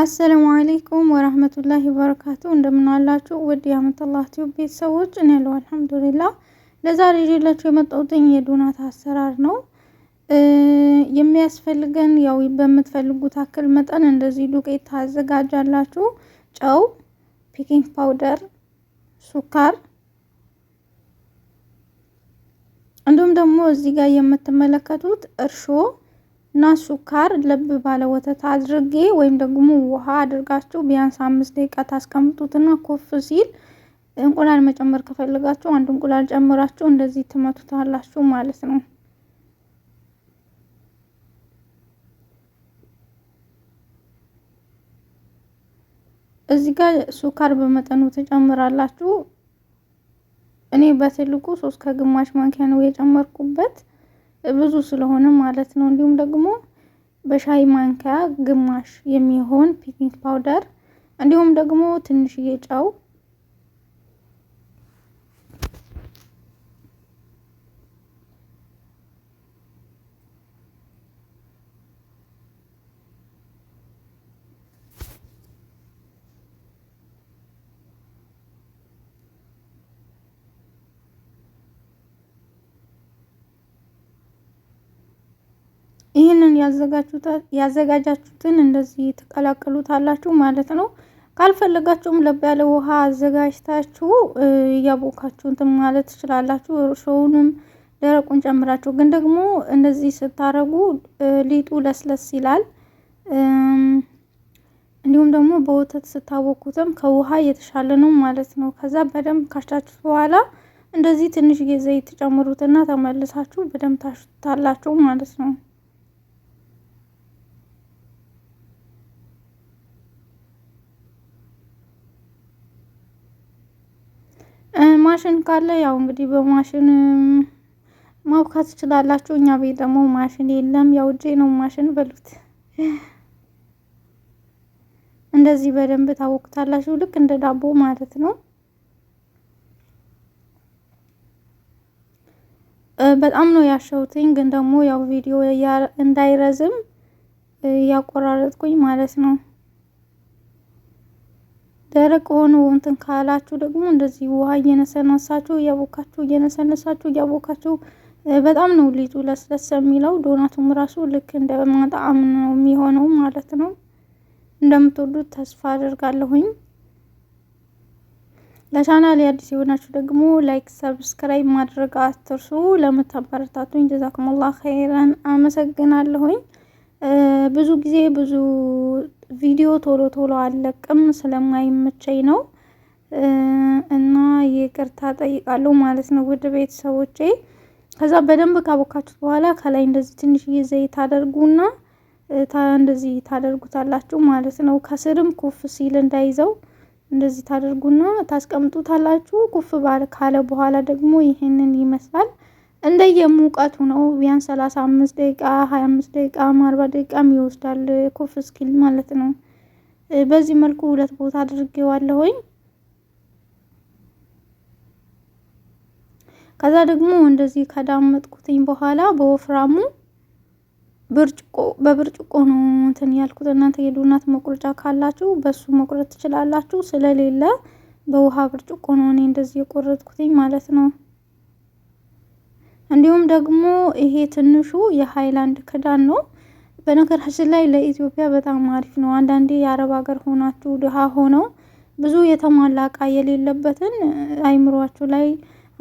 አሰላሙ አሌይኩም ወረህመቱላሂ ወበረካቱ እንደምናላችሁ ውድ የአመተላህ ቲዩብ ቤተሰቦች እኔ ያለው አልሐምዱሊላ። ለዛሬ ይዤላችሁ የመጣሁት የዶናት አሰራር ነው። የሚያስፈልገን ያው በምትፈልጉት አክል መጠን እንደዚህ ዱቄት ታዘጋጃላችሁ። ጨው፣ ፒኪንግ ፓውደር፣ ሱካር እንዲሁም ደግሞ እዚህ ጋር የምትመለከቱት እርሾ እና ሱካር ለብ ባለ ወተት አድርጌ ወይም ደግሞ ውሃ አድርጋችሁ ቢያንስ አምስት ደቂቃ ታስቀምጡትና ኮፍ ሲል እንቁላል መጨመር ከፈለጋችሁ አንድ እንቁላል ጨምራችሁ እንደዚህ ትመቱታላችሁ ማለት ነው። እዚህ ጋር ሱካር በመጠኑ ትጨምራላችሁ። እኔ በትልቁ ሶስት ከግማሽ ማንኪያ ነው የጨመርኩበት። ብዙ ስለሆነ ማለት ነው። እንዲሁም ደግሞ በሻይ ማንኪያ ግማሽ የሚሆን ቤኪንግ ፓውደር እንዲሁም ደግሞ ትንሽዬ ጨው ይህንን ያዘጋጃችሁትን እንደዚህ ተቀላቅሉታላችሁ ማለት ነው። ካልፈለጋችሁም ለብ ያለ ውሃ አዘጋጅታችሁ እያቦካችሁ እንትን ማለት ትችላላችሁ። እርሾውንም ደረቁን ጨምራችሁ። ግን ደግሞ እንደዚህ ስታረጉ ሊጡ ለስለስ ይላል። እንዲሁም ደግሞ በወተት ስታቦኩትም ከውሃ የተሻለ ነው ማለት ነው። ከዛ በደንብ ካሽታችሁት በኋላ እንደዚህ ትንሽ ጊዜ ትጨምሩትና ተመልሳችሁ በደንብ ታሽታላችሁ ማለት ነው። ማሽን ካለ ያው እንግዲህ በማሽን ማውካት ትችላላችሁ። እኛ ቤት ደግሞ ማሽን የለም። ያው እጄ ነው ማሽን በሉት። እንደዚህ በደንብ ታወቅታላችሁ፣ ልክ እንደ ዳቦ ማለት ነው። በጣም ነው ያሸውትኝ፣ ግን ደግሞ ያው ቪዲዮ እንዳይረዝም ያቆራረጥኩኝ ማለት ነው። ደረቅ ሆኖ እንትን ካላችሁ ደግሞ እንደዚህ ውሃ እየነሰነሳችሁ እያቦካችሁ እየነሰነሳችሁ እያቦካችሁ በጣም ነው ሊጡ ለስለስ የሚለው። ዶናቱም ራሱ ልክ እንደ ማጣም ነው የሚሆነው ማለት ነው። እንደምትወዱት ተስፋ አድርጋለሁኝ። ለቻናል የአዲስ የሆናችሁ ደግሞ ላይክ፣ ሰብስክራይብ ማድረግ አትርሱ። ለምታበረታቱኝ ጀዛኩሙላህ ኸይረን አመሰግናለሁኝ። ብዙ ጊዜ ብዙ ቪዲዮ ቶሎ ቶሎ አለቅም ስለማይመቸኝ ነው እና ይቅርታ ጠይቃለሁ ማለት ነው ውድ ቤተሰቦቼ። ከዛ በደንብ ካቦካችሁት በኋላ ከላይ እንደዚህ ትንሽ ዘይት ታደርጉና እንደዚህ ታደርጉታላችሁ ማለት ነው። ከስርም ኩፍ ሲል እንዳይዘው እንደዚህ ታደርጉና ታስቀምጡታላችሁ። ኩፍ ካለ በኋላ ደግሞ ይህንን ይመስላል። እንደየሙቀቱ ነው። ቢያንስ ሰላሳ ደቂቃ 25 ደቂቃ 40 አርባ ደቂቃም ይወስዳል ኩፍ ማለት ነው። በዚህ መልኩ ሁለት ቦታ አድርጌዋለሁኝ። ከዛ ደግሞ እንደዚህ ከዳመጥኩትኝ በኋላ በወፍራሙ ብርጭቆ በብርጭቆ ነው እንትን ያልኩት። እናንተ የዶናት መቁረጫ ካላችሁ በሱ መቁረጥ ትችላላችሁ። ስለሌለ በውሃ ብርጭቆ ነው እኔ እንደዚህ የቆረጥኩትኝ ማለት ነው። እንዲሁም ደግሞ ይሄ ትንሹ የሃይላንድ ክዳን ነው። በነገራችን ላይ ለኢትዮጵያ በጣም አሪፍ ነው። አንዳንዴ የአረብ ሀገር ሆናችሁ ድሃ ሆነው ብዙ የተሟላ እቃ የሌለበትን አይምሯችሁ ላይ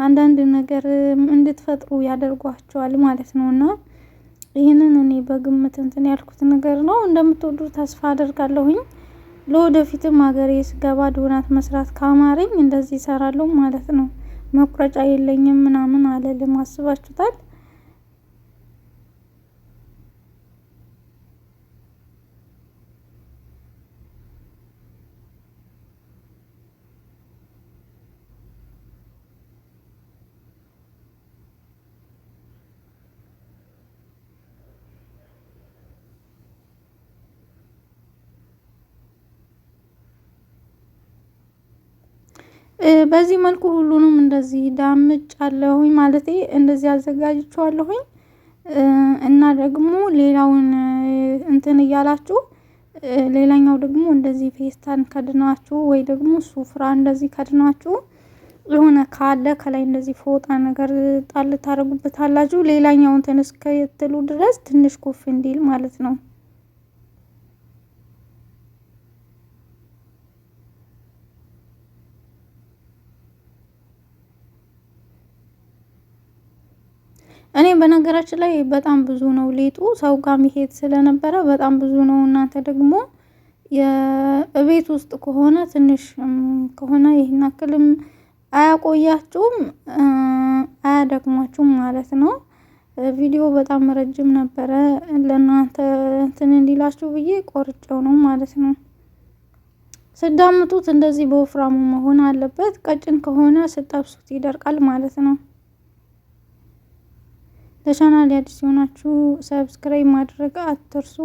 አንዳንድ ነገር እንድትፈጥሩ ያደርጓቸዋል ማለት ነው እና ይህንን እኔ በግምት እንትን ያልኩት ነገር ነው። እንደምትወዱ ተስፋ አደርጋለሁኝ። ለወደፊትም ሀገሬ ስገባ ዶናት መስራት ካማረኝ እንደዚህ ይሰራለሁ ማለት ነው። መቁረጫ የለኝም ምናምን አለ። አስባችሁታል? በዚህ መልኩ ሁሉንም እንደዚህ ዳምጭ አለሁኝ ማለት እንደዚህ አዘጋጅቸዋለሁኝ። እና ደግሞ ሌላውን እንትን እያላችሁ ሌላኛው ደግሞ እንደዚህ ፌስታን ከድናችሁ ወይ ደግሞ ሱፍራ እንደዚህ ከድናችሁ የሆነ ካለ ከላይ እንደዚህ ፎጣ ነገር ጣል ታደርጉበታላችሁ። ሌላኛውን እንትን እስከትሉ ድረስ ትንሽ ኩፍ እንዲል ማለት ነው። እኔ በነገራችን ላይ በጣም ብዙ ነው ሌጡ ሰው ጋር መሄድ ስለነበረ በጣም ብዙ ነው። እናንተ ደግሞ የቤት ውስጥ ከሆነ ትንሽ ከሆነ ይህን አክልም አያቆያችሁም አያደክማችሁም ማለት ነው። ቪዲዮ በጣም ረጅም ነበረ ለእናንተ እንትን እንዲላችሁ ብዬ ቆርጨው ነው ማለት ነው። ስዳምጡት እንደዚህ በወፍራሙ መሆን አለበት። ቀጭን ከሆነ ስጠብሱት ይደርቃል ማለት ነው። ለቻናል አዲስ የሆናችሁ ሰብስክራይብ ማድረግ አትርሱ።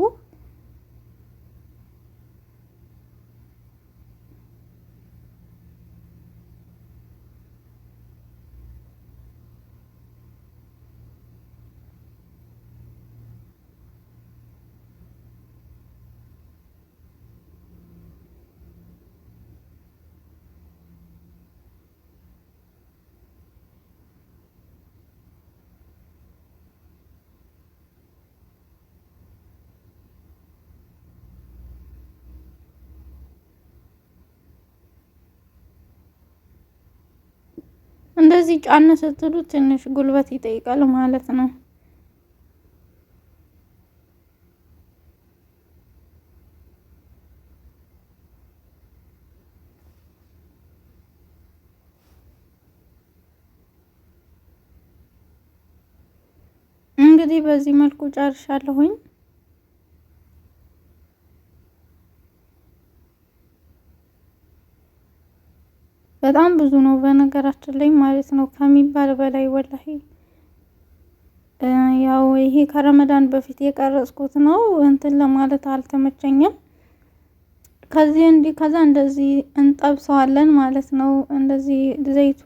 እንደዚህ ጫነ ስትሉ ትንሽ ጉልበት ይጠይቃል ማለት ነው። እንግዲህ በዚህ መልኩ ጨርሻለሁኝ። በጣም ብዙ ነው በነገራችን ላይ ማለት ነው ከሚባል በላይ ወላሂ። ያው ይሄ ከረመዳን በፊት የቀረጽኩት ነው እንትን ለማለት አልተመቸኝም። ከዚህ እንዲህ ከዛ እንደዚህ እንጠብሰዋለን ማለት ነው። እንደዚህ ዘይቱ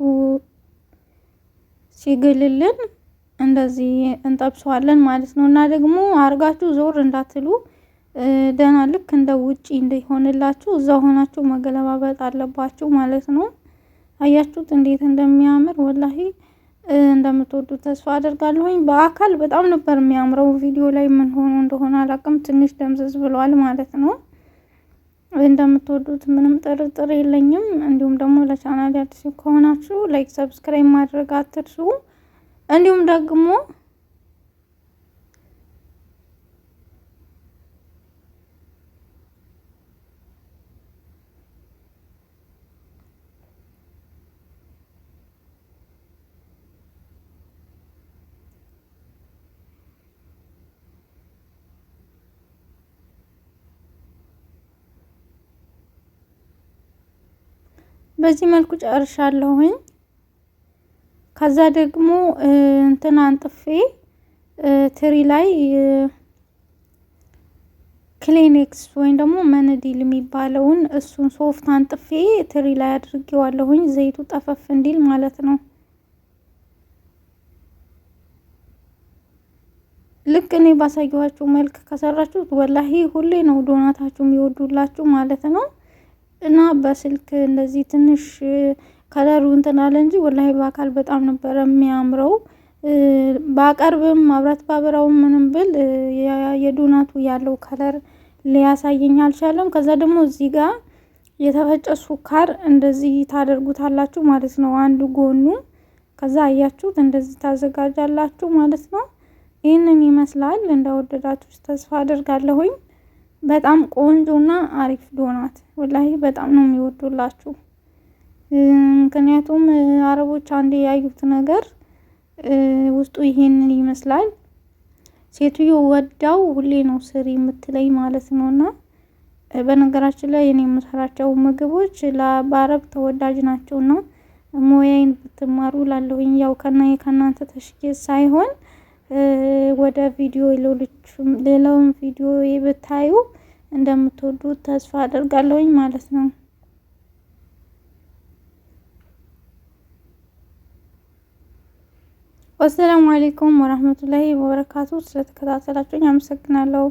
ሲግልልን እንደዚህ እንጠብሰዋለን ማለት ነው። እና ደግሞ አርጋችሁ ዞር እንዳትሉ ደህና ልክ እንደ ውጪ እንደሆንላችሁ እዛ ሆናችሁ መገለባበጥ አለባችሁ ማለት ነው። አያችሁት እንዴት እንደሚያምር ወላሂ እንደምትወዱት ተስፋ አደርጋለሁኝ። በአካል በጣም ነበር የሚያምረው። ቪዲዮ ላይ ምን ሆኖ እንደሆነ አላቅም። ትንሽ ደምዘዝ ብሏል ማለት ነው። እንደምትወዱት ምንም ጥርጥር የለኝም። እንዲሁም ደግሞ ለቻናል አዲስ ከሆናችሁ ላይክ፣ ሰብስክራይብ ማድረግ አትርሱ። እንዲሁም ደግሞ በዚህ መልኩ ጨርሻለሁኝ። ከዛ ደግሞ እንትን አንጥፌ ትሪ ላይ ክሊኒክስ ወይም ደግሞ መንዲል የሚባለውን እሱን ሶፍት አንጥፌ ትሪ ላይ አድርጌዋለሁኝ። ዘይቱ ጠፈፍ እንዲል ማለት ነው። ልክ እኔ ባሳየኋችሁ መልክ ከሰራችሁት ወላሂ ሁሌ ነው ዶናታችሁ የሚወዱላችሁ ማለት ነው። እና በስልክ እንደዚህ ትንሽ ከለሩ እንትን አለ እንጂ ወላሂ በአካል በጣም ነበረ የሚያምረው። በአቀርብም ማብራት ባበራው ምንም ብል የዶናቱ ያለው ከለር ሊያሳየኝ አልቻለም። ከዛ ደግሞ እዚህ ጋር የተፈጨ ሱካር እንደዚህ ታደርጉታላችሁ ማለት ነው። አንዱ ጎኑ ከዛ አያችሁት እንደዚህ ታዘጋጃላችሁ ማለት ነው። ይህንን ይመስላል። እንደወደዳችሁ ተስፋ አድርጋለሁኝ። በጣም እና አሪፍ ዶናት ወላሂ በጣም ነው የሚወዱላችሁ። ምክንያቱም አረቦች አንድ ያዩት ነገር ውስጡ ይሄንን ይመስላል። ሴትዮ ወዳው ሁሌ ነው ስሪ የምትለይ ማለት ነው። እና በነገራችን ላይ እኔ የምሰራቸው ምግቦች በአረብ ተወዳጅ ናቸው እና ሞያይን ብትማሩ ላለሁኝ ያው ከና የከናንተ ተሽጌ ሳይሆን ወደ ቪዲዮ ሌሎችም ሌላውን ቪዲዮ ብታዩ እንደምትወዱ ተስፋ አደርጋለሁኝ ማለት ነው። ወሰላሙ አሌይኩም ወረህመቱላሂ ወበረካቱ። ስለተከታተላችሁኝ አመሰግናለሁ።